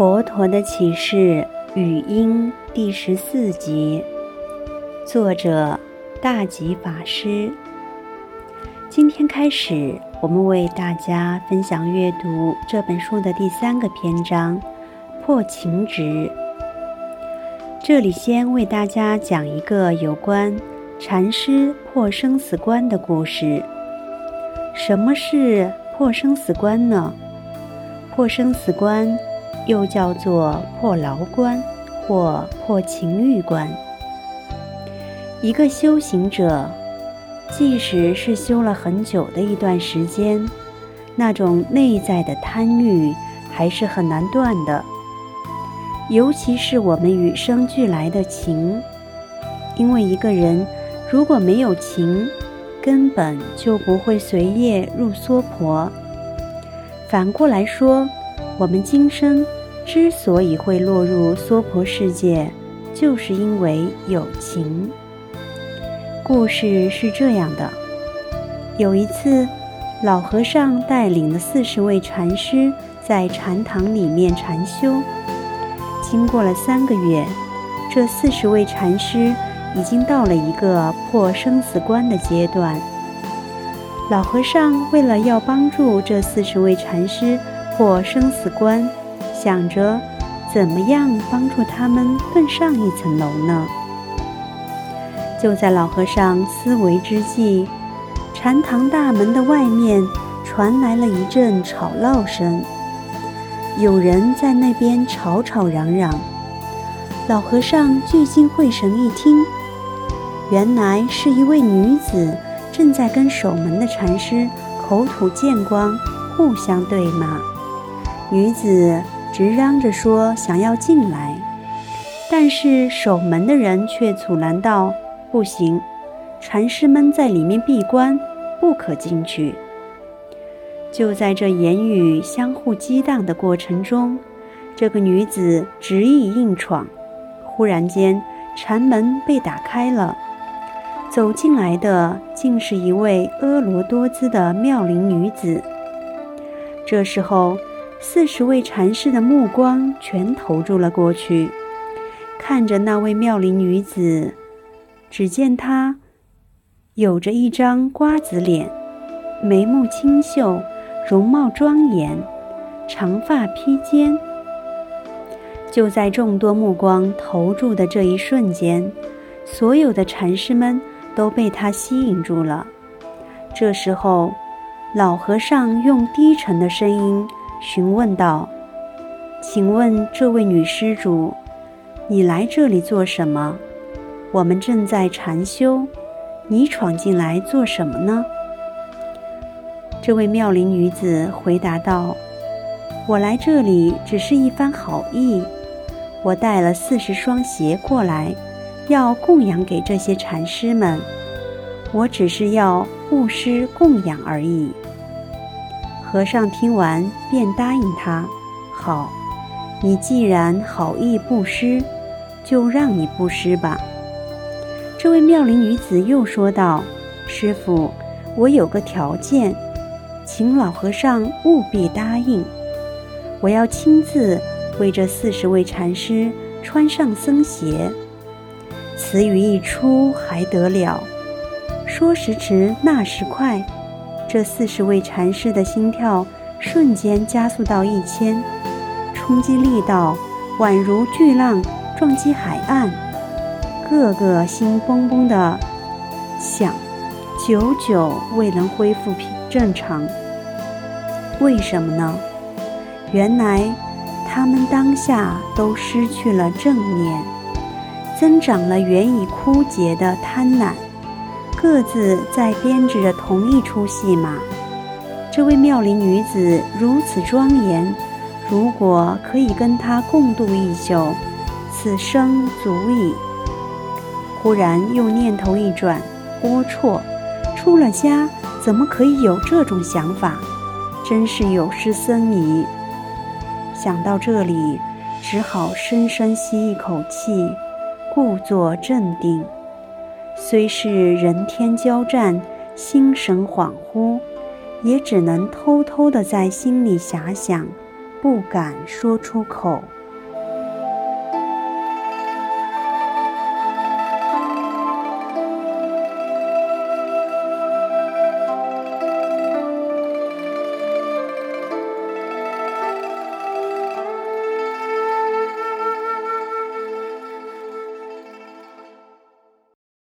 佛陀的啟示語音第十四集，作者大寂法師。今天開始，我們為大家分享閱讀這本書的第三個篇章《破情執》。這裡先為大家講一個有關禪師破生死關的故事。什麼是破生死關呢？破生死關，又叫做破牢關或破情欲關。一個修行者，即使是修了很久的一段時間，那種內在的貪欲還是很難斷的，尤其是我們與生俱來的情，因為一個人如果沒有情，根本就不會隨業入娑婆。反過來說。我們今生之所以會落入娑婆世界，就是因為有情。故事是這樣的：有一次，老和尚帶領了四十位禪師在禪堂裡面禪修，經過了三個月，這四十位禪師已經到了一個破生死關的階段。老和尚為了要幫助這四十位禪師，過生死關，想着怎麼樣幫助他們更上一層樓呢？就在老和尚思維之際，禪堂大門的外面傳來了一陣吵鬧聲，有人在那邊吵吵嚷嚷。老和尚聚精會神一聽，原來是一位女子正在跟守門的禪師口吐劍光，互相對罵。女子直嚷着說：“想要進來。”但是守門的人卻阻攔道：“不行，禪師們在裡面閉關，不可進去。”就在這言語相互激盪的過程中，這個女子執意硬闖。忽然間，禪門被打開了，走進來的竟是一位婀娜多姿的妙齡女子。這時候。四十位禪師的目光全投注了過去，看着那位妙齡女子。只見她有着一張瓜子臉，眉目清秀，容貌莊嚴，長髮披肩。就在眾多目光投注的這一瞬間，所有的禪師們都被她吸引住了。這時候，老和尚用低沉的聲音，詢問道：“請問這位女施主，你來這裡做什麼？我們正在禪修，你闖進來做什麼呢？”這位妙齡女子回答道：“我來這裡只是一番好意，我帶了四十雙鞋過來，要供養給這些禪師們。我只是要布施供養而已。”和尚聽完便答應他：“好，你既然好意布施，就讓你布施吧。”這位妙齡女子又說道：“師父，我有個條件，請老和尚務必答應。我要親自為這四十位禪師穿上僧鞋。”此語一出，還得了？說時遲，那時快。這四十位禪師的心跳瞬間加速到一千，衝擊力道宛如巨浪撞擊海岸，個個心怦怦地響，久久未能恢復平正常。為什麼呢？原來他們當下都失去了正念，增長了原已枯竭的貪婪。各自在編織着同一出戲碼。這位妙齡女子如此莊嚴，如果可以跟她共度一宿，此生足矣。忽然又念頭一轉，齷齪！出了家，怎麼可以有這種想法？真是有失僧儀。想到這裡，只好深深吸一口氣，故作鎮定。雖是人天交戰，心神恍惚，也只能偷偷的在心裡遐想，不敢說出口。